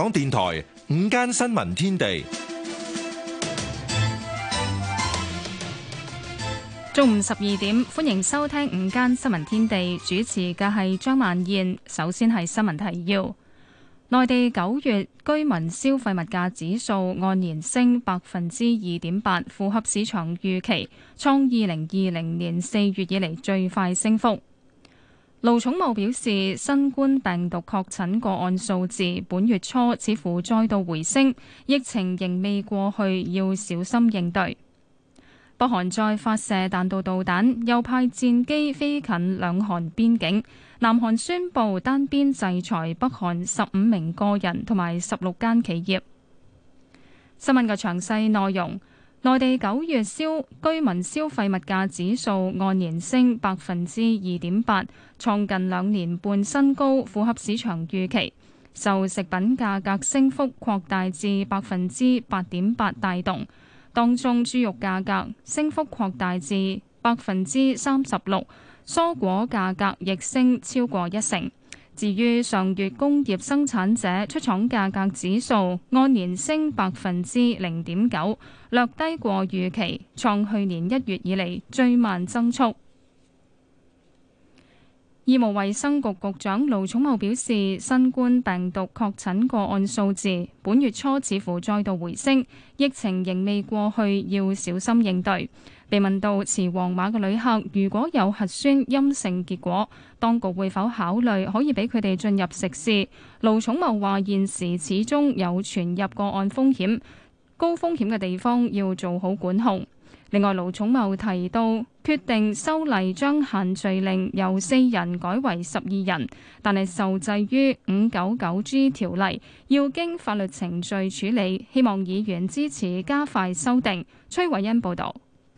香港電台午間新聞天地，中午十二點，歡迎收聽午間新聞天地，主持嘅係張曼燕。首先係新聞提要：內地九月居民消費物價指數按年升百分之二點八，符合市場預期，創二零二零年四月以嚟最快升幅。盧寵茂表示，新冠病毒確診個案數字本月初似乎再度回升，疫情仍未過去，要小心應對。北韓再發射彈道導彈，又派戰機飛近兩韓邊境。南韓宣布單邊制裁北韓十五名個人同埋十六間企業。新聞嘅詳細內容。內地九月消居民消費物價指數按年升百分之二點八，創近兩年半新高，符合市場預期。受食品價格升幅擴大至百分之八點八帶動，當中豬肉價格升幅擴大至百分之三十六，蔬果價格亦升超過一成。至於上月工業生產者出廠價格指數按年升百分之零點九，略低過預期，創去年一月以嚟最慢增速。醫務衛生局局長盧寵茂表示，新冠病毒確診個案數字本月初似乎再度回升，疫情仍未過去，要小心應對。被問到持黃碼嘅旅客如果有核酸陰性結果，當局會否考慮可以俾佢哋進入食肆？盧寵茂話：現時始終有傳入個案風險，高風險嘅地方要做好管控。另外，盧寵茂提到決定修例將限聚令由四人改為十二人，但係受制於五九九 G 條例，要經法律程序處理。希望議員支持加快修訂。崔惠恩報導。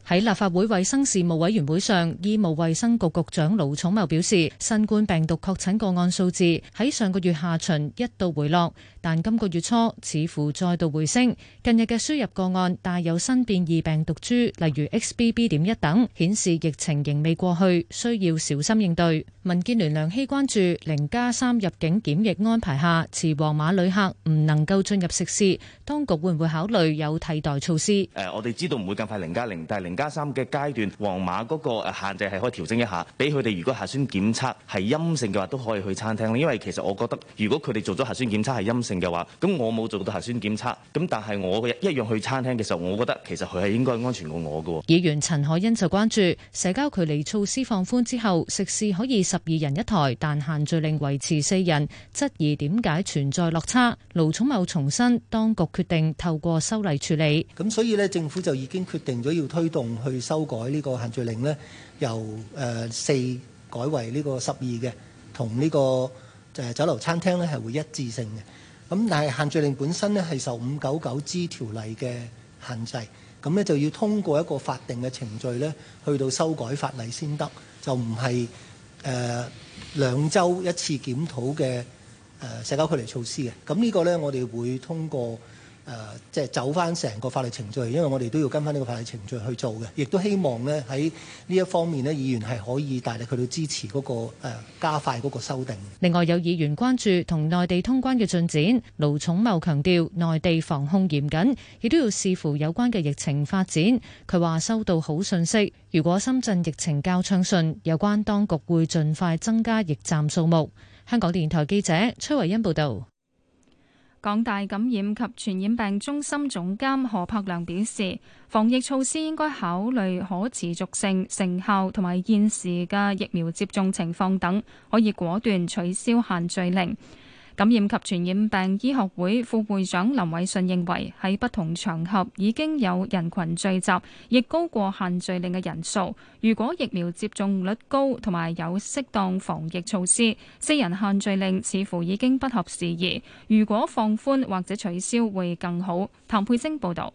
喺立法會衞生事務委員會上，醫務衛生局局長盧寵茂表示，新冠病毒確診個案數字喺上個月下旬一度回落。但今個月初似乎再度回升，近日嘅輸入個案帶有新變異病毒株，例如 XBB. 點一等，顯示疫情仍未過去，需要小心應對。民建聯梁熙關注零加三入境檢疫安排下，持黃碼旅客唔能夠進入食肆，當局會唔會考慮有替代措施？誒，我哋知道唔會咁快零加零，但係零加三嘅階段，黃碼嗰個誒限制係可以調整一下，俾佢哋如果核酸檢測係陰性嘅話，都可以去餐廳。因為其實我覺得，如果佢哋做咗核酸檢測係陰性，就話咁，我冇做到核酸檢測，咁但係我嘅一樣去餐廳嘅時候，我覺得其實佢係應該安全過我嘅。議員陳海欣就關注社交距離措施放寬之後，食肆可以十二人一台，但限聚令維持四人，質疑點解存在落差。盧寵茂重申，當局決定透過修例處理。咁所以咧，政府就已經決定咗要推動去修改呢個限聚令咧，由誒四、呃、改為個個呢個十二嘅，同呢個就係酒樓餐廳咧，係會一致性嘅。咁但係限聚令本身呢，係受五九九 G 條例嘅限制，咁呢，就要通過一個法定嘅程序呢，去到修改法例先得，就唔係誒兩週一次檢討嘅誒社交距離措施嘅。咁呢個呢，我哋會通過。誒，即係、呃就是、走翻成個法律程序，因為我哋都要跟翻呢個法律程序去做嘅，亦都希望咧喺呢一方面咧，議員係可以大力去到支持嗰、那個、呃、加快嗰個修訂。另外有議員關注同內地通關嘅進展，盧寵茂強調內地防控嚴謹，亦都要視乎有關嘅疫情發展。佢話收到好訊息，如果深圳疫情較暢順，有關當局會盡快增加疫站數目。香港電台記者崔維恩報道。港大感染及傳染病中心總監何柏良表示，防疫措施應該考慮可持續性、成效同埋現時嘅疫苗接種情況等，可以果斷取消限聚令。感染及傳染病醫學會副會長林偉信認為喺不同場合已經有人群聚集，亦高過限聚令嘅人數。如果疫苗接種率高同埋有適當防疫措施，四人限聚令似乎已經不合時宜。如果放寬或者取消會更好。譚佩晶報道。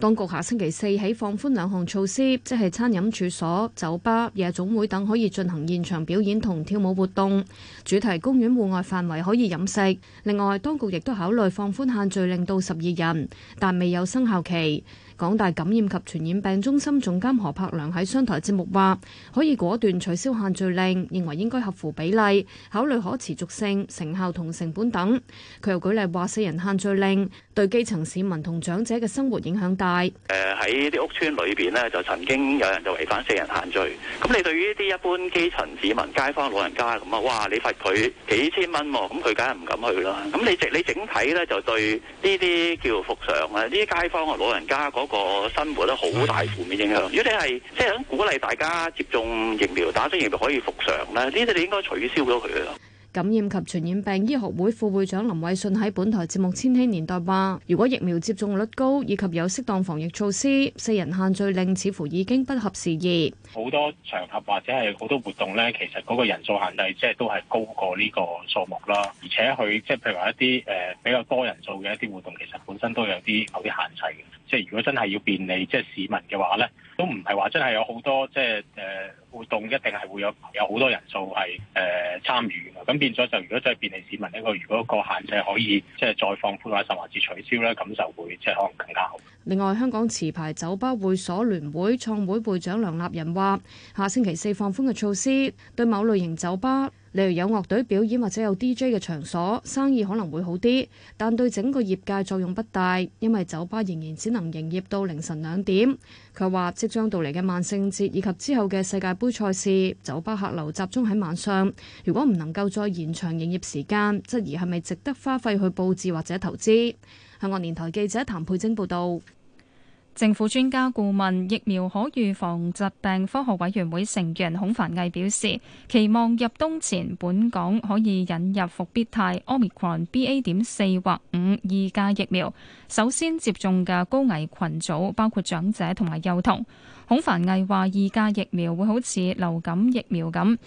當局下星期四起放寬兩項措施，即係餐飲處所、酒吧、夜總會等可以進行現場表演同跳舞活動；主題公園戶外範圍可以飲食。另外，當局亦都考慮放寬限聚令到十二人，但未有生效期。港大感染及傳染病中心總監何柏良喺商台節目話，可以果斷取消限聚令，認為應該合乎比例，考慮可持續性、成效同成本等。佢又舉例話，四人限聚令，對基層市民同長者嘅生活影響大。誒、呃，喺啲屋邨裏邊咧，就曾經有人就違反四人限聚。咁你對於啲一般基層市民、街坊、老人家咁啊，哇！你罰佢幾千蚊，咁佢梗係唔敢去啦。咁你整你整體咧，就對呢啲叫復常啊，呢啲街坊啊、老人家嗰個生活都好大負面影響。如果你係即係想鼓勵大家接種疫苗，打咗疫苗可以復常咧，呢啲你應該取消咗佢咯。感染及傳染病醫學會副會長林偉信喺本台節目《千禧年代》話，如果疫苗接種率高以及有適當防疫措施，四人限聚令似乎已經不合時宜。好多場合或者係好多活動咧，其實嗰個人數限制即係都係高過呢個數目啦。而且佢即係譬如話一啲誒，比較多人數嘅一啲活動，其實本身都有啲有啲限制嘅。即係如果真係要便利，即係市民嘅話咧，都唔係話真係有好多即係誒活動一定係會有有好多人數係誒參與嘅。咁變咗就，如果真係便利市民，呢個如果個限制可以即係再放寬啊，甚至取消咧，咁就會即係可能更加好。另外，香港持牌酒吧會所聯會創會會長梁立仁話，下星期四放寬嘅措施對某類型酒吧。例如有樂隊表演或者有 DJ 嘅場所，生意可能會好啲，但對整個業界作用不大，因為酒吧仍然只能營業到凌晨兩點。佢話：即將到嚟嘅萬聖節以及之後嘅世界盃賽事，酒吧客流集中喺晚上，如果唔能夠再延長營業時間，質疑係咪值得花費去佈置或者投資。香港電台記者譚佩晶報道。政府專家顧問、疫苗可預防疾病科學委員會成員孔繁毅表示，期望入冬前本港可以引入復必泰 Omicron BA. 點四或五二價疫苗，首先接種嘅高危群組包括長者同埋幼童。孔繁毅話：二價疫苗會好似流感疫苗咁，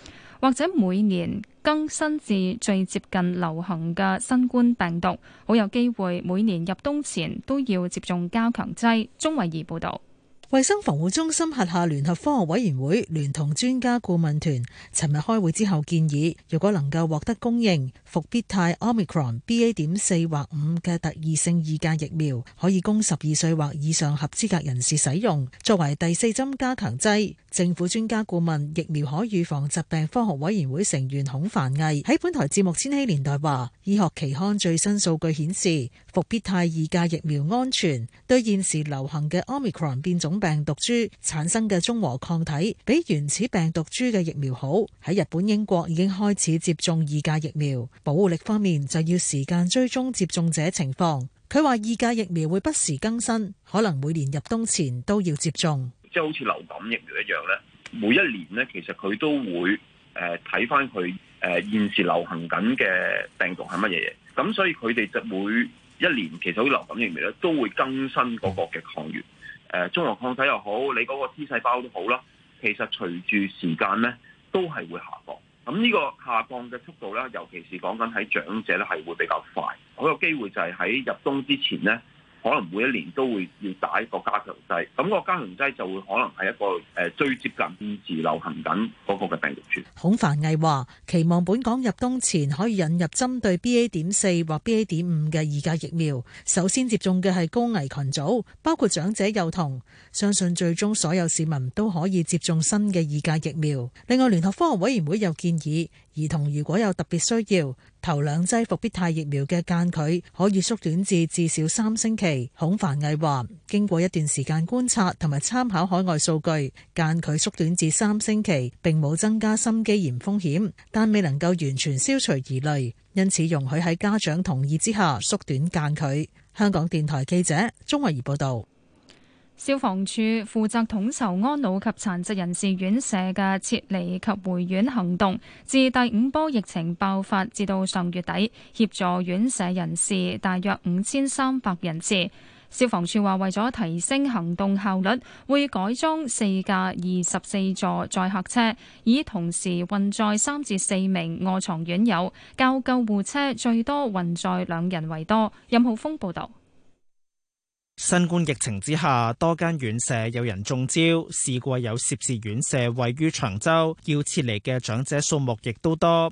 或者每年，更新至最接近流行嘅新冠病毒，好有機會每年入冬前都要接種加強劑。鍾維儀報道，衛生防護中心轄下聯合科學委員會聯同專家顧問團，尋日開會之後建議，如果能夠獲得供應，復必泰 omicron BA. 點四或五嘅特異性二價疫苗，可以供十二歲或以上合資格人士使用，作為第四針加強劑。政府專家顧問疫苗可預防疾病科學委員會成員孔繁毅喺本台節目千禧年代話，醫學期刊最新數據顯示，復必泰二價疫苗安全，對現時流行嘅 Omicron 變種病毒株產生嘅中和抗體比原始病毒株嘅疫苗好。喺日本、英國已經開始接種二價疫苗，保護力方面就要時間追蹤接種者情況。佢話二價疫苗會不時更新，可能每年入冬前都要接種。即係好似流感疫苗一樣咧，每一年咧，其實佢都會誒睇返佢誒現時流行緊嘅病毒係乜嘢嘢？咁所以佢哋就每一年其實啲流感疫苗咧都會更新嗰個嘅抗原，誒、呃、中和抗體又好，你嗰個 T 細胞都好啦。其實隨住時間咧，都係會下降。咁呢個下降嘅速度咧，尤其是在講緊喺長者咧，係會比較快。好有機會就係喺入冬之前咧。可能每一年都會要打一個加強劑，劑，咁個加強劑，劑就會可能係一個誒最接近現時流行緊嗰個嘅病毒株。孔繁毅話：期望本港入冬前可以引入針對 BA 點四或 BA 點五嘅二價疫苗，首先接種嘅係高危群組，包括長者、幼童，相信最終所有市民都可以接種新嘅二價疫苗。另外，聯合科學委員會又建議。兒童如果有特別需要，頭兩劑復必泰疫苗嘅間距可以縮短至至少三星期。孔繁毅話：經過一段時間觀察同埋參考海外數據，間距縮短至三星期並冇增加心肌炎風險，但未能夠完全消除疑慮，因此容許喺家長同意之下縮短間距。香港電台記者鍾慧儀報道。消防處負責統籌安老及殘疾人士院舍嘅撤離及回院行動，自第五波疫情爆發至到上月底，協助院舍人士大約五千三百人次。消防處話，為咗提升行動效率，會改裝四架二十四座載客車，以同時運載三至四名卧床院友，較救護車最多運載兩人為多。任浩峰報導。新冠疫情之下，多間院舍有人中招，試過有涉事院舍位於長洲，要撤離嘅長者數目亦都多。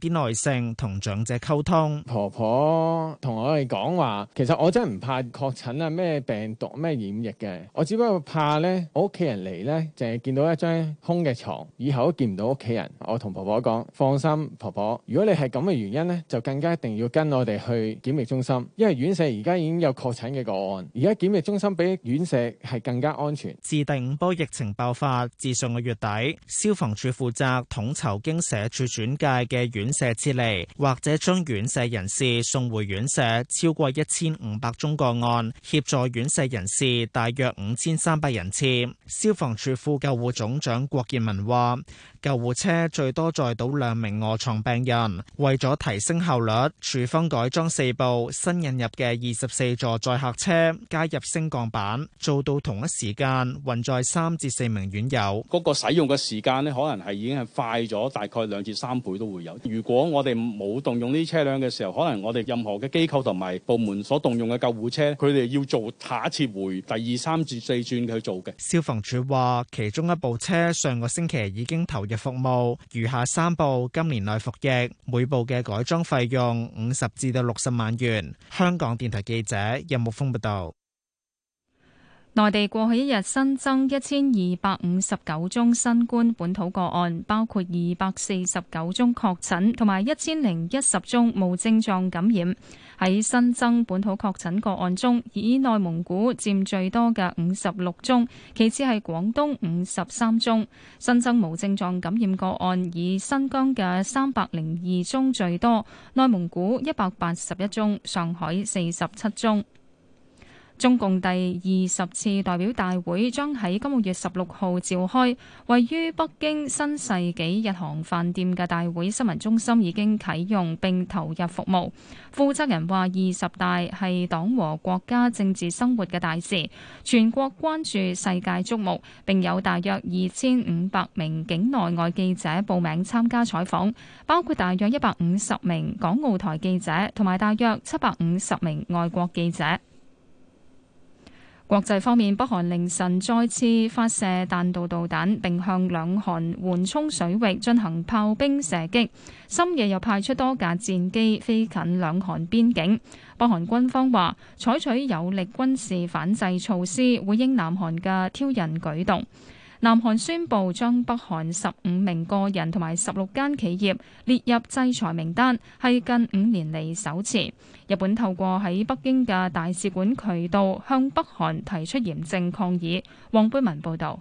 啲耐性同長者溝通。婆婆同我哋講話，其實我真係唔怕確診啊，咩病毒咩染疫嘅，我只不過怕咧，我屋企人嚟咧，淨係見到一張空嘅床，以後都見唔到屋企人。我同婆婆講，放心，婆婆，如果你係咁嘅原因咧，就更加一定要跟我哋去檢疫中心，因為院舍而家已經有確診嘅個案，而家檢疫中心比院舍係更加安全。自第五波疫情爆發至上個月底，消防處負責統籌經社署轉介嘅院。院舍撤離，或者將院舍人士送回院舍，超過一千五百宗個案，協助院舍人士大約五千三百人次。消防處副救護總長郭建文話。救護車最多載到兩名臥床病人，為咗提升效率，處方改裝四部新引入嘅二十四座載客車，加入升降板，做到同一時間運載三至四名院友。嗰個使用嘅時間咧，可能係已經係快咗大概兩至三倍都會有。如果我哋冇動用呢啲車輛嘅時候，可能我哋任何嘅機構同埋部門所動用嘅救護車，佢哋要做下一次回第二三至四轉去做嘅。消防處話，其中一部車上個星期已經投嘅服務，餘下三部今年內服役，每部嘅改裝費用五十至到六十萬元。香港電台記者任木峯報道。內地過去一日新增一千二百五十九宗新冠本土個案，包括二百四十九宗確診同埋一千零一十宗無症狀感染。喺新增本土確診個案中，以內蒙古佔最多嘅五十六宗，其次係廣東五十三宗。新增無症狀感染個案以新疆嘅三百零二宗最多，內蒙古一百八十一宗，上海四十七宗。中共第二十次代表大會將喺今個月十六號召開，位於北京新世紀日航飯店嘅大會新聞中心已經啟用并投入服務。負責人話二十大係黨和國家政治生活嘅大事，全國關注，世界矚目。并有大約二千五百名境內外記者報名參加採訪，包括大約一百五十名港澳台記者同埋大約七百五十名外國記者。國際方面，北韓凌晨再次發射彈道導彈，並向兩韓緩衝水域進行炮兵射擊。深夜又派出多架戰機飛近兩韓邊境。北韓軍方話，採取有力軍事反制措施，回應南韓嘅挑釁舉動。南韓宣布將北韓十五名個人同埋十六間企業列入制裁名單，係近五年嚟首次。日本透過喺北京嘅大使館渠道向北韓提出嚴正抗議。黃貝文報導，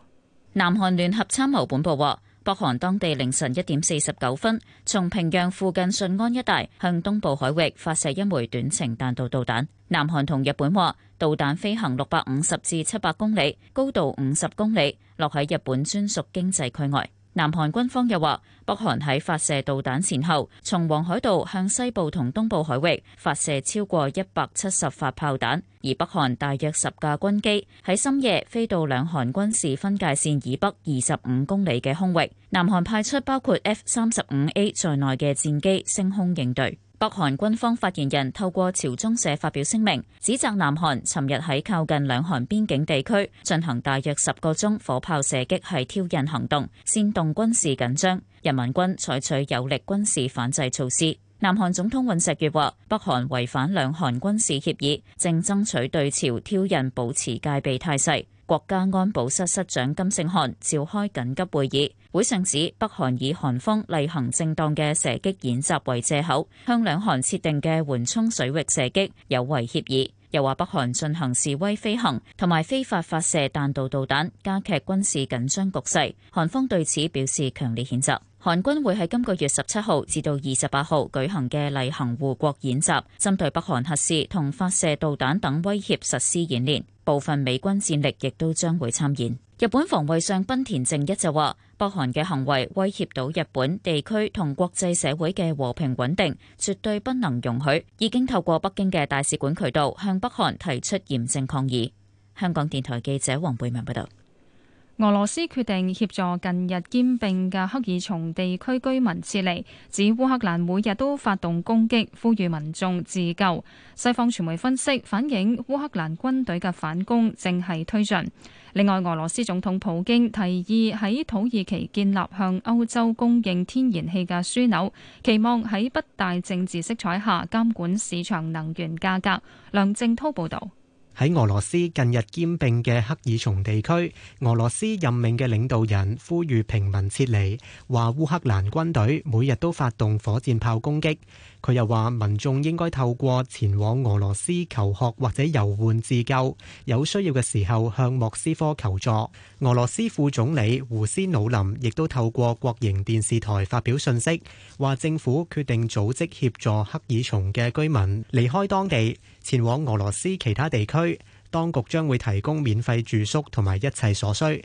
南韓聯合參謀本部話，啊。北韓當地凌晨一點四十九分，從平壤附近順安一帶向東部海域發射一枚短程彈道導彈。南韓同日本話，導彈飛行六百五十至七百公里，高度五十公里，落喺日本專屬經濟區外。南韓軍方又話，北韓喺發射導彈前後，從黃海道向西部同東部海域發射超過一百七十發炮彈，而北韓大約十架軍機喺深夜飛到兩韓軍事分界線以北二十五公里嘅空域，南韓派出包括 F 三十五 A 在內嘅戰機升空應對。北韓軍方發言人透過朝中社發表聲明，指責南韓尋日喺靠近兩韓邊境地區進行大約十個鐘火炮射擊，係挑釁行動，煽動軍事緊張。人民軍採取有力軍事反制措施。南韓總統尹錫悦話：北韓違反兩韓軍事協議，正爭取對朝挑釁，保持戒備態勢。國家安保室室長金聖漢召開緊急會議。會上指，北韓以韓方例行正當嘅射擊演習為借口，向兩韓設定嘅緩衝水域射擊，有違協議。又話北韓進行示威飛行同埋非法發射彈道導彈，加劇軍事緊張局勢。韓方對此表示強烈譴責。韓軍會喺今個月十七號至到二十八號舉行嘅例行護國演習，針對北韓核試同發射導彈等威脅實施演練。部分美軍戰力亦都將會參演。日本防衛相濱田正一就話。北韓嘅行為威脅到日本地區同國際社會嘅和平穩定，絕對不能容許。已經透過北京嘅大使館渠道向北韓提出嚴正抗議。香港電台記者黃貝文報道。俄羅斯決定協助近日兼併嘅克爾松地區居民撤離，指烏克蘭每日都發動攻擊，呼籲民眾自救。西方傳媒分析，反映烏克蘭軍隊嘅反攻正係推進。另外，俄羅斯總統普京提議喺土耳其建立向歐洲供應天然氣嘅樞紐，期望喺不大政治色彩下監管市場能源價格。梁正滔報導，喺俄羅斯近日兼併嘅赫爾松地區，俄羅斯任命嘅領導人呼籲平民撤離，話烏克蘭軍隊每日都發動火箭炮攻擊。佢又話：民眾應該透過前往俄羅斯求學或者遊玩自救，有需要嘅時候向莫斯科求助。俄羅斯副總理胡斯努林亦都透過國營電視台發表信息，話政府決定組織協助黑爾松嘅居民離開當地，前往俄羅斯其他地區。當局將會提供免費住宿同埋一切所需。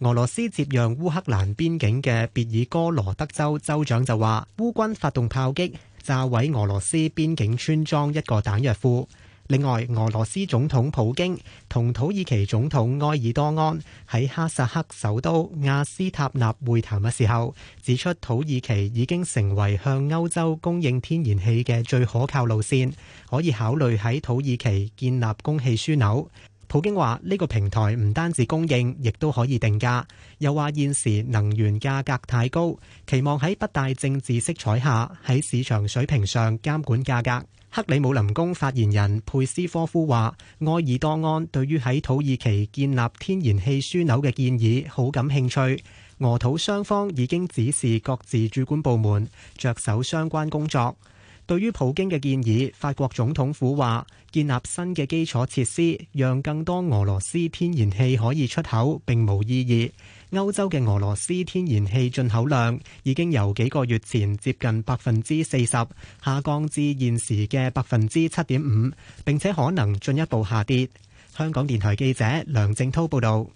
俄羅斯接壤烏克蘭邊境嘅別爾哥羅德州州長就話：烏軍發動炮擊，炸毀俄羅斯邊境村莊一個彈藥庫，另外，俄羅斯總統普京同土耳其總統埃爾多安喺哈薩克首都阿斯塔納會談嘅時候，指出土耳其已經成為向歐洲供應天然氣嘅最可靠路線，可以考慮喺土耳其建立供氣樞紐。普京話：呢個平台唔單止供應，亦都可以定價。又話現時能源價格太高，期望喺不帶政治色彩下，喺市場水平上監管價格。克里姆林宮發言人佩斯科夫話：愛爾多安對於喺土耳其建立天然氣樞紐嘅建議好感興趣。俄土雙方已經指示各自主管部門着手相關工作。對於普京嘅建議，法國總統府話建立新嘅基礎設施，讓更多俄羅斯天然氣可以出口並無意義。歐洲嘅俄羅斯天然氣進口量已經由幾個月前接近百分之四十下降至現時嘅百分之七點五，並且可能進一步下跌。香港電台記者梁靜滔報導。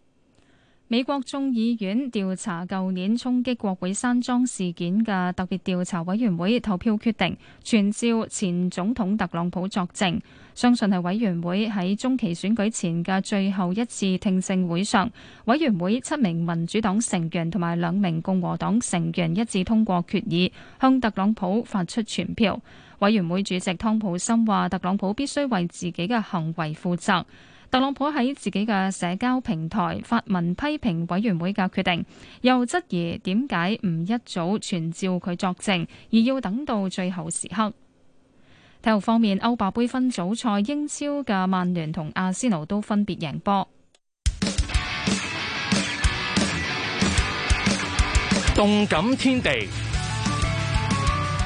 美國眾議院調查舊年衝擊國會山莊事件嘅特別調查委員會投票決定，傳召前總統特朗普作證。相信係委員會喺中期選舉前嘅最後一次聽證會上，委員會七名民主黨成員同埋兩名共和黨成員一致通過決議，向特朗普發出傳票。委員會主席湯普森話，特朗普必須為自己嘅行為負責。特朗普喺自己嘅社交平台發文批評委員會嘅決定，又質疑點解唔一早傳召佢作證，而要等到最後時刻。體育方面，歐霸盃分組賽，英超嘅曼聯同阿仙奴都分別贏波。動感天地，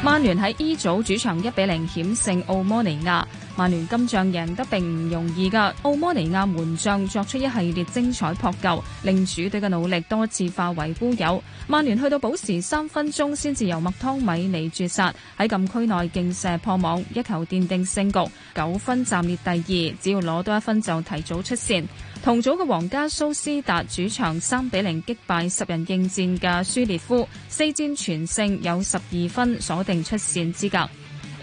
曼聯喺 E 組主場一比零險勝奧莫尼亞。曼聯金像贏得並唔容易㗎，奧摩尼亞門將作出一系列精彩撲救，令主隊嘅努力多次化為烏有。曼聯去到補時三分鐘先至由麥湯米尼絕殺喺禁區內勁射破網，一球奠定勝局，九分暫列第二，只要攞多一分就提早出線。同組嘅皇家蘇斯達主場三比零擊敗十人應戰嘅舒列夫，四戰全勝有十二分，鎖定出線資格。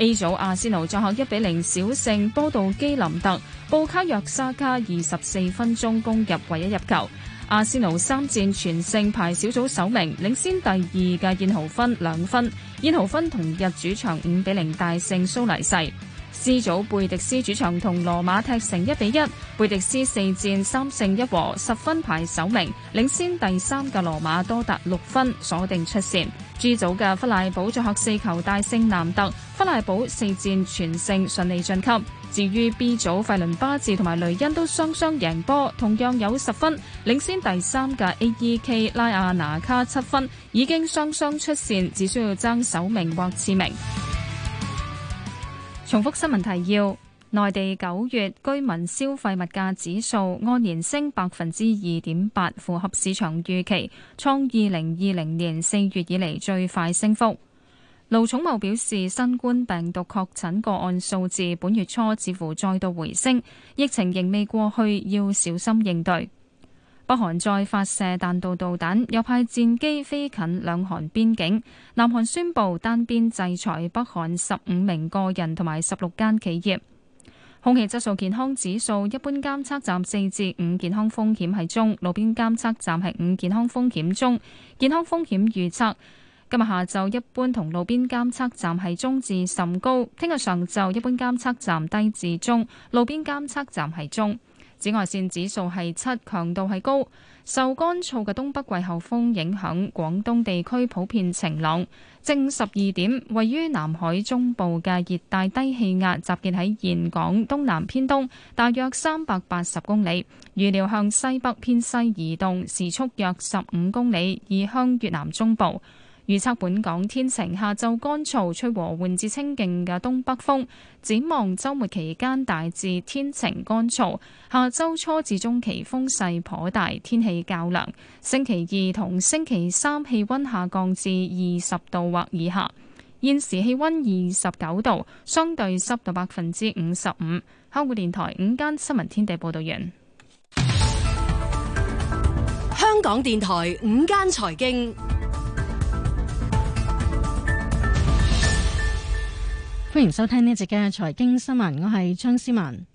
A 組阿仙奴作客一比零小勝波道基林特，布卡約沙卡二十四分鐘攻入唯一入球。阿仙奴三戰全勝，排小組首名，領先第二嘅燕豪芬兩分。燕豪芬同日主場五比零大勝蘇黎世。G 組貝迪斯主場同羅馬踢成一比一，貝迪斯四戰三勝一和，十分排首名，領先第三嘅羅馬多達六分，鎖定出線。G 組嘅弗賴堡作客四球大勝南特，弗賴堡四戰全勝，順利晉級。至於 B 組費倫巴治同埋雷恩都雙雙贏波，同樣有十分，領先第三嘅 A.E.K. 拉亞拿卡七分，已經雙雙出線，只需要爭首名或次名。重複新聞提要：內地九月居民消費物價指數按年升百分之二點八，符合市場預期，創二零二零年四月以嚟最快升幅。盧寵茂表示，新冠病毒確診個案數字本月初似乎再度回升，疫情仍未過去，要小心應對。北韓再發射彈道導彈，又派戰機飛近兩韓邊境。南韓宣佈單邊制裁北韓十五名個人同埋十六間企業。空氣質素健康指數，一般監測站四至五，健康風險係中；路邊監測站係五，健康風險中。健康風險預測：今日下晝一般同路邊監測站係中至甚高，聽日上晝一般監測站低至中，路邊監測站係中。紫外線指數係七，強度係高。受乾燥嘅東北季候風影響，廣東地區普遍晴朗，正十二點，位於南海中部嘅熱帶低氣壓集結喺沿港東南偏東，大約三百八十公里。預料向西北偏西移動，時速約十五公里，移向越南中部。預測本港天晴，下晝乾燥，吹和緩至清勁嘅東北風。展望周末期間大致天晴乾燥，下周初至中期風勢頗大，天氣較涼。星期二同星期三氣溫下降至二十度或以下。現時氣溫二十九度，相對濕度百分之五十五。香港電台午間新聞天地報道。完。香港電台午間財經。歡迎收聽呢一節嘅財經新聞，我係張思文。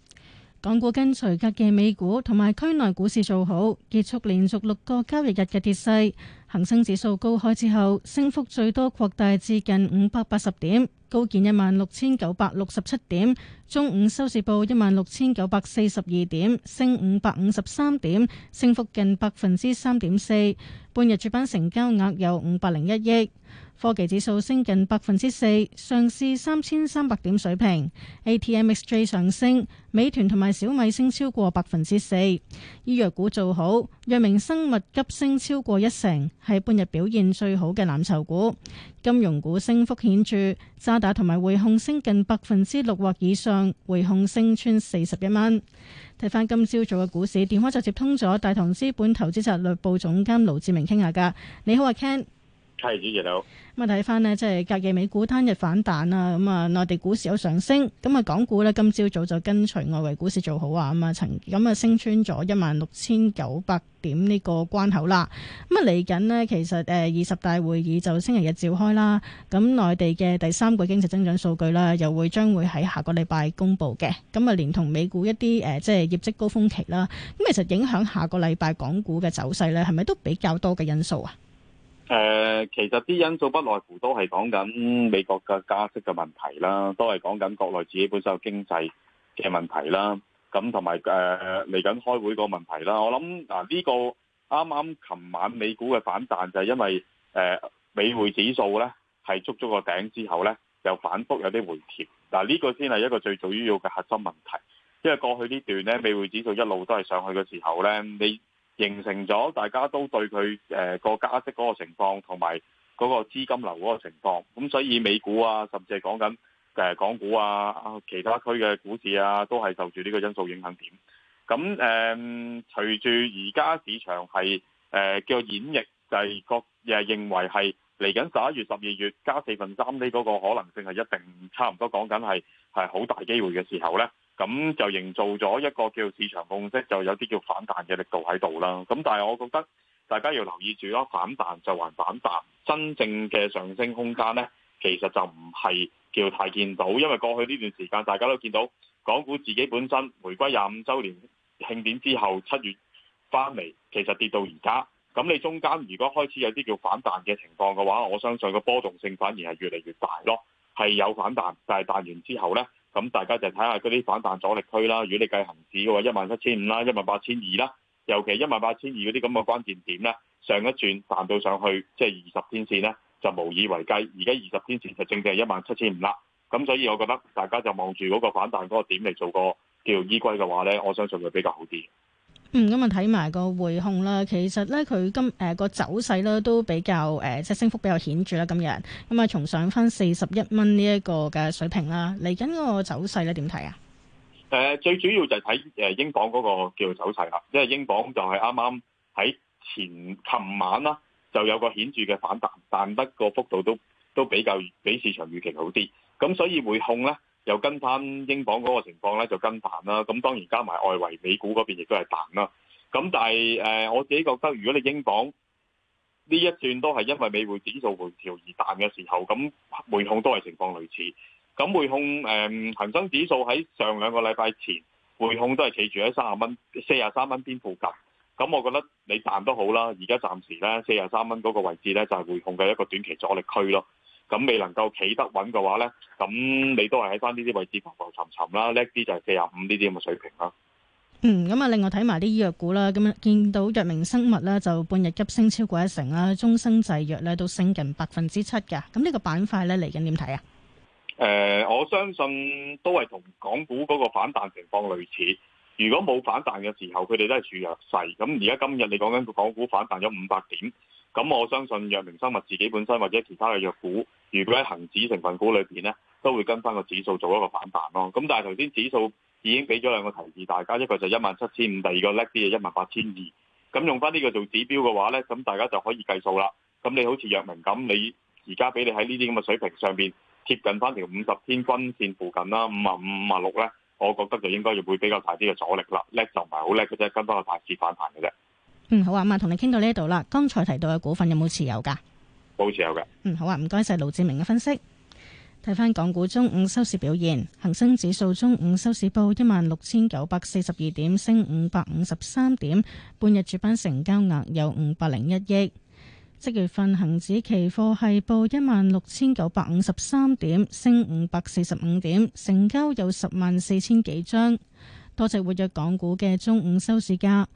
港股跟隨隔夜美股同埋區內股市做好，結束連續六個交易日嘅跌勢。恒生指數高開之後，升幅最多擴大至近五百八十點，高見一萬六千九百六十七點。中午收市報一萬六千九百四十二點，升五百五十三點，升幅近百分之三點四。半日主板成交額有五百零一億。科技指數升近百分之四，上市三千三百點水平。ATMXJ 上升，美團同埋小米升超過百分之四。醫藥股做好，藥明生物急升超過一成，係半日表現最好嘅藍籌股。金融股升幅顯著，渣打同埋匯控升近百分之六或以上，匯控升穿四十一蚊。睇翻今朝早嘅股市，電話就接通咗大同資本投資策略部總監盧志明傾下噶。你好啊，阿 Ken。係主持人好。咁啊，睇翻呢，即係隔夜美股單日反彈啦。咁啊，內地股市有上升。咁啊，港股呢，今朝早，早就跟隨外圍股市做好啊。咁啊，曾咁啊，升穿咗一萬六千九百點呢個關口啦。咁啊，嚟緊呢，其實誒，二十大會議就星期日召開啦。咁內地嘅第三季經濟增長數據啦，又會將會喺下個禮拜公佈嘅。咁啊，連同美股一啲誒，即係業績高峰期啦。咁其實影響下個禮拜港股嘅走勢呢，係咪都比較多嘅因素啊？誒、呃，其實啲因素不外乎都係講緊美國嘅加息嘅問題啦，都係講緊國內自己本身個經濟嘅問題啦，咁同埋誒嚟緊開會個問題啦。我諗嗱，呢、啊這個啱啱琴晚美股嘅反彈就係因為誒、呃、美匯指數呢係觸咗個頂之後呢，又反復有啲回調。嗱、啊，呢、這個先係一個最重要嘅核心問題，因為過去呢段呢美匯指數一路都係上去嘅時候呢。你。形成咗大家都對佢誒個加息嗰個情況同埋嗰個資金流嗰個情況，咁所以美股啊，甚至係講緊誒港股啊、其他區嘅股市啊，都係受住呢個因素影響點。咁誒、嗯，隨住而家市場係誒叫演繹，就係覺誒認為係嚟緊十一月、十二月加四分三呢嗰個可能性係一定差唔多，講緊係係好大機會嘅時候呢。咁就營造咗一個叫市場共識，就有啲叫反彈嘅力度喺度啦。咁但係我覺得大家要留意住咯，反彈就還反彈，真正嘅上升空間呢，其實就唔係叫太見到，因為過去呢段時間大家都見到港股自己本身回歸廿五週年慶典之後，七月翻嚟，其實跌到而家。咁你中間如果開始有啲叫反彈嘅情況嘅話，我相信個波動性反而係越嚟越大咯。係有反彈，但係彈完之後呢。咁大家就睇下嗰啲反彈阻力區啦。如果你計恆指嘅話，一萬七千五啦，一萬八千二啦，尤其一萬八千二嗰啲咁嘅關鍵點呢，上一轉彈到上去，即係二十天線呢，就無以為繼。而家二十天線就正正係一萬七千五啦。咁所以我覺得大家就望住嗰個反彈嗰個點嚟做個叫依歸嘅話呢，我相信會比較好啲。嗯，咁啊睇埋個匯控啦，其實咧佢今誒個、呃、走勢咧都比較誒即係升幅比較顯著啦，今日咁啊從上翻四十一蚊呢一個嘅水平啦，嚟緊嗰個走勢咧點睇啊？誒、呃，最主要就係睇誒英鎊嗰個叫做走勢啦，因為英鎊就係啱啱喺前琴晚啦，就有個顯著嘅反彈，但得個幅度都都比較比市場預期好啲，咁所以匯控咧。又跟翻英鎊嗰個情況咧，就跟彈啦。咁當然加埋外圍美股嗰邊亦都係彈啦。咁但係誒、呃，我自己覺得如果你英鎊呢一段都係因為美匯指數回調而彈嘅時候，咁匯控都係情況類似。咁匯控誒、呃、恆生指數喺上兩個禮拜前，匯控都係企住喺三十蚊、四十三蚊邊附近。咁我覺得你彈都好啦，而家暫時咧四十三蚊嗰個位置咧就係、是、匯控嘅一個短期阻力區咯。咁未能夠企得穩嘅話呢，咁你都係喺翻呢啲位置浮浮沉沉啦，叻啲就係四廿五呢啲咁嘅水平啦。嗯，咁啊，另外睇埋啲醫藥股啦，咁樣，見到藥明生物呢，就半日急升超過一成啦，中生製藥呢，都升近百分之七嘅，咁呢個板塊呢，嚟緊點睇啊？誒、呃，我相信都係同港股嗰個反彈情況類似。如果冇反彈嘅時候，佢哋都係處弱勢。咁而家今日你講緊個港股反彈咗五百點。咁我相信藥明生物自己本身或者其他嘅藥股，如果喺恒指成分股裏邊呢，都會跟翻個指數做一個反彈咯。咁但係頭先指數已經俾咗兩個提示大家，一個就一萬七千五，第二個叻啲就一萬八千二。咁用翻呢個做指標嘅話呢，咁大家就可以計數啦。咁你好似藥明咁，你而家俾你喺呢啲咁嘅水平上邊，貼近翻條五十天均線附近啦，五啊五、五啊六呢，我覺得就應該要會比較大啲嘅阻力啦。叻就唔係好叻嘅啫，跟翻個大市反彈嘅啫。嗯，好啊，咁、嗯、啊，同你傾到呢度啦。剛才提到嘅股份有冇持有噶？冇持有噶。嗯，好啊，唔該晒盧志明嘅分析。睇返港股中午收市表現，恒生指數中午收市報一萬六千九百四十二點，升五百五十三點，半日主板成交額有五百零一億。即月份恒指期貨係報一萬六千九百五十三點，升五百四十五點，成交有十萬四千幾張。多隻活躍港股嘅中午收市價。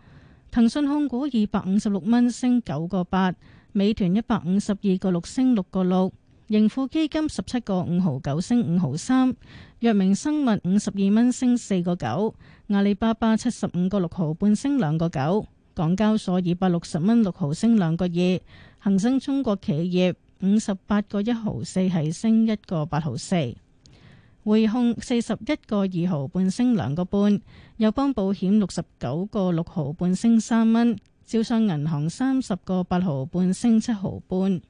騰訊控股二百五十六蚊升九個八，美團一百五十二個六升六個六，盈富基金十七個五毫九升五毫三，藥明生物五十二蚊升四個九，阿里巴巴七十五個六毫半升兩個九，港交所二百六十蚊六毫升兩個二，恒生中國企業五十八個一毫四係升一個八毫四。匯控四十一個二毫半升兩個半，友邦保險六十九個六毫半升三蚊，招商銀行三十個八毫半升七毫半。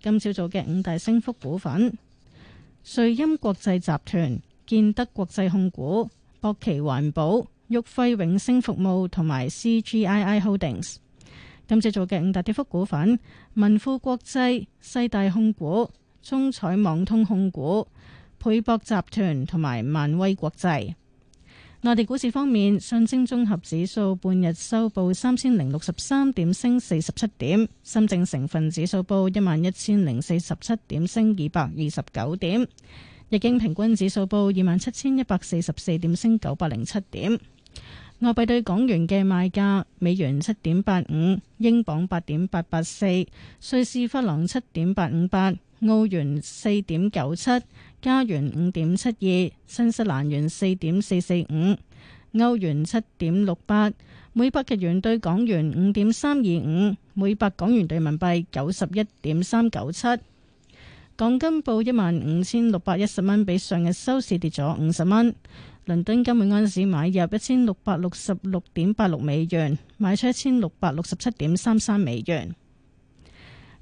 今朝早嘅五大升幅股份：瑞音國際集團、建德國際控股、博奇環保、旭輝永升服務同埋 CGII Holdings。今朝早嘅五大跌幅股份：民富國際、世大控股、中彩網通控股。佩博集團同埋萬威國際。內地股市方面，上證綜合指數半日收報三千零六十三點，升四十七點；深證成分指數報一萬一千零四十七點，升二百二十九點；日經平均指數報二萬七千一百四十四點，升九百零七點。外幣對港元嘅賣價：美元七點八五，英鎊八點八八四，瑞士法郎七點八五八。澳元四點九七，加元五點七二，新西蘭元四點四四五，歐元七點六八，每百日元兌港元五點三二五，每百港元兌人民幣九十一點三九七。港金報一萬五千六百一十蚊，比上日收市跌咗五十蚊。倫敦金每盎司買入一千六百六十六點八六美元，賣出一千六百六十七點三三美元。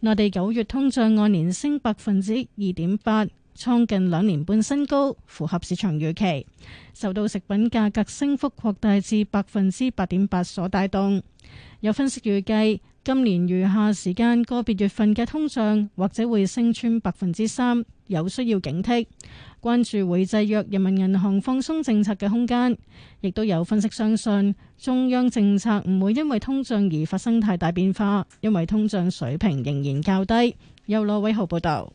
內地九月通脹按年升百分之二點八，創近兩年半新高，符合市場預期。受到食品價格升幅擴大至百分之八點八所帶動，有分析預計今年餘下時間個別月份嘅通脹或者會升穿百分之三。有需要警惕，關注會制約人民銀行放鬆政策嘅空間，亦都有分析相信中央政策唔會因為通脹而發生太大變化，因為通脹水平仍然較低。由羅偉豪報導，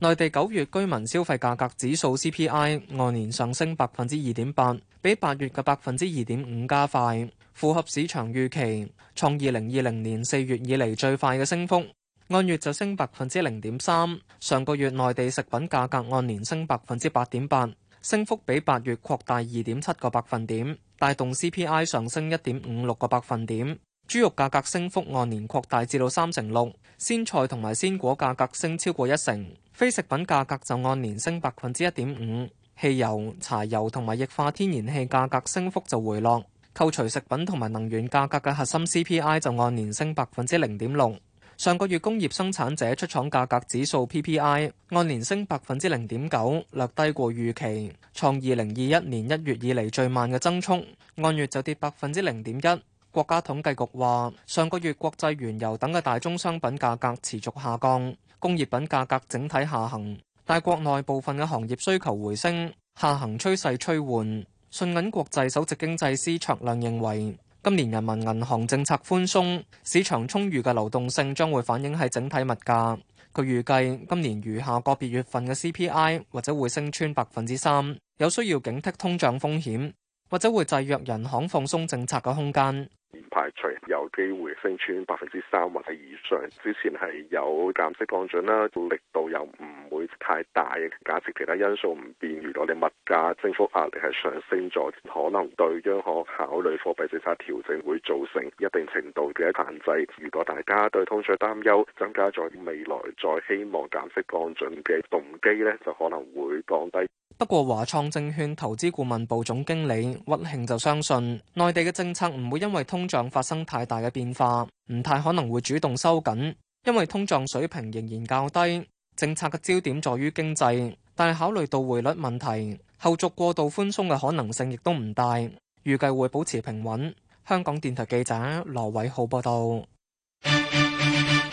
內地九月居民消費價格指數 CPI 按年上升百分之二點八，比八月嘅百分之二點五加快，符合市場預期，創二零二零年四月以嚟最快嘅升幅。按月就升百分之零點三，上個月內地食品價格按年升百分之八點八，升幅比八月擴大二點七個百分點，帶動 CPI 上升一點五六個百分點。豬肉價格升幅按年擴大至到三成六，鮮菜同埋鮮果價格升超過一成，非食品價格就按年升百分之一點五。汽油、柴油同埋液化天然氣價格升幅就回落，扣除食品同埋能源價格嘅核心 CPI 就按年升百分之零點六。上個月工業生產者出廠價格指數 PPI 按年升百分之零點九，略低過預期，創二零二一年一月以嚟最慢嘅增速。按月就跌百分之零點一。國家統計局話，上個月國際原油等嘅大宗商品價格持續下降，工業品價格整體下行，但係國內部分嘅行業需求回升，下行趨勢趨緩。信銀國際首席經濟師卓亮認為。今年人民銀行政策寬鬆，市場充裕嘅流動性將會反映喺整體物價，佢預計今年餘下個別月份嘅 CPI 或者會升穿百分之三，有需要警惕通脹風險，或者會制約人行放鬆政策嘅空間，唔排除有機會。升穿百分之三或者以上，之前係有減息降準啦，力度又唔會太大。假設其他因素唔變，如果你物價增幅壓力係上升咗，可能對央行考慮貨幣政策調整會造成一定程度嘅限制。如果大家對通脹擔憂增加咗，未來再希望減息降準嘅動機呢，就可能會降低。不過，華創證券投資顧問部總經理屈慶就相信，內地嘅政策唔會因為通脹發生太大嘅變化，唔太可能會主動收緊，因為通脹水平仍然較低，政策嘅焦點在於經濟。但係考慮到匯率問題，後續過度寬鬆嘅可能性亦都唔大，預計會保持平穩。香港電台記者羅偉浩報道。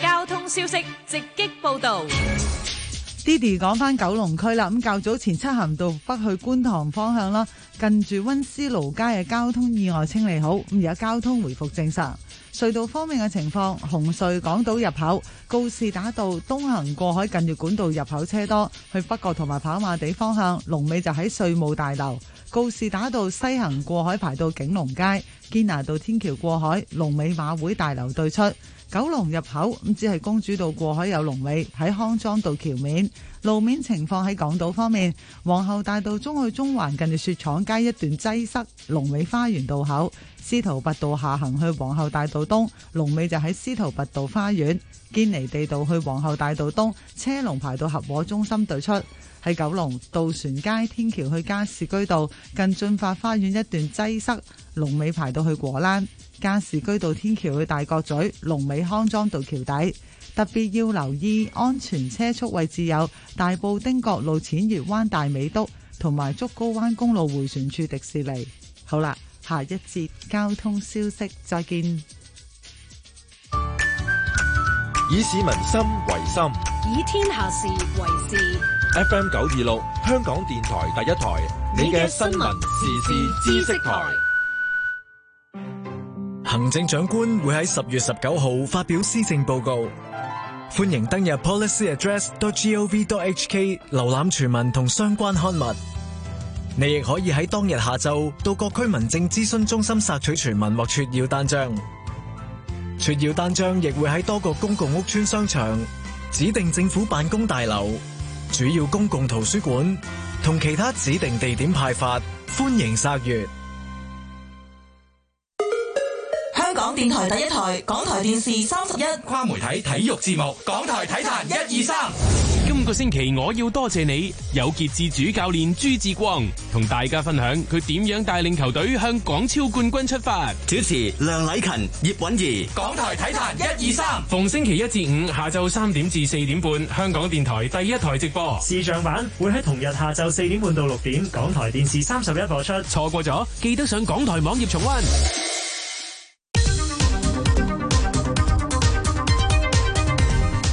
交通消息直擊報道。Diddy 講返九龍區啦，咁較早前漆咸道北去觀塘方向啦，近住溫斯勞街嘅交通意外清理好，咁而家交通回復正常。隧道方面嘅情況，紅隧港島入口、告士打道東行過海近月管道入口車多，去北角同埋跑馬地方向龍尾就喺稅務大樓；告士打道西行過海排到景隆街、堅拿道天橋過海龍尾馬會大樓對出。九龍入口只係公主道過海有龍尾，喺康莊道橋面。路面情況喺港島方面，皇后大道中去中環近住雪廠街一段擠塞，龍尾花園道口，司徒拔道下行去皇后大道東龍尾就喺司徒拔道花園，堅尼地道去皇后大道東車龍排到合和中心對出。喺九龍渡船街天橋去加士居道，近駿發花園一段擠塞，龍尾排到去果欄；加士居道天橋去大角咀，龍尾康莊道橋底。特別要留意安全車速位置有大埔汀角路淺月灣、灣大美督同埋竹篙灣公路迴旋處迪士尼。好啦，下一節交通消息，再見。以市民心為心，以天下事為事。FM 九二六，香港電台第一台，你嘅新聞時事知識台。行政長官會喺十月十九號發表施政報告，歡迎登入 policyaddress.gov.hk 瀏覽全文同相關刊物。你亦可以喺當日下晝到各區民政諮詢中心索取全文或撮要單張。撮要單張亦會喺多個公共屋邨、商場、指定政府辦公大樓，主要公共圖書館同其他指定地點派發，歡迎索閱。香港電台第一台，港台電視三十一，跨媒體體育節目，港台體壇一二三。今個星期我要多謝你，有傑志主教練朱志光同大家分享佢點樣帶領球隊向港超冠軍出發。主持梁禮勤、葉韻儀，港台體壇一二三。1, 2, 逢星期一至五下晝三點至四點半，香港電台第一台直播。視像版會喺同日下晝四點半到六點，港台電視三十一播出。錯過咗記得上港台網頁重溫。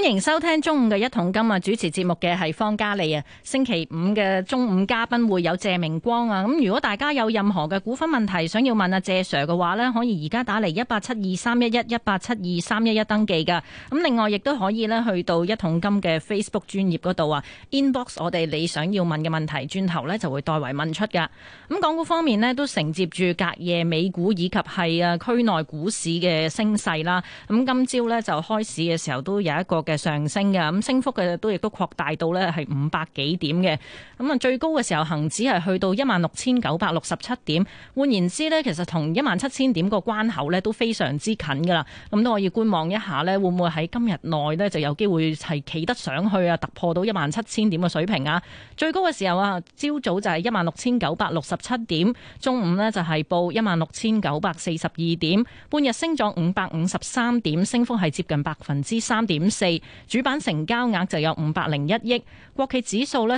歡迎收聽中午嘅一桶金啊！主持節目嘅係方嘉莉啊，星期五嘅中午嘉賓會有謝明光啊。咁如果大家有任何嘅股份問題想要問阿謝 Sir 嘅話咧，可以而家打嚟，一八七二三一一一八七二三一一登記噶。咁另外亦都可以咧去到一桶金嘅 Facebook 專頁嗰度啊，inbox 我哋你想要問嘅問題，轉頭呢，就會代為問出噶。咁港股方面呢，都承接住隔夜美股以及係啊區內股市嘅升勢啦。咁今朝呢，就開市嘅時候都有一個。嘅上升嘅咁升幅嘅都亦都擴大到咧係五百幾點嘅咁啊，最高嘅時候恒指係去到一萬六千九百六十七點。換言之咧，其實同一萬七千點個關口咧都非常之近噶啦。咁都可以觀望一下咧，會唔會喺今日內咧就有機會係企得上去啊，突破到一萬七千點嘅水平啊？最高嘅時候啊，朝早就係一萬六千九百六十七點，中午咧就係報一萬六千九百四十二點，半日升咗五百五十三點，升幅係接近百分之三點四。主板成交額就有五百零一億，國企指數呢。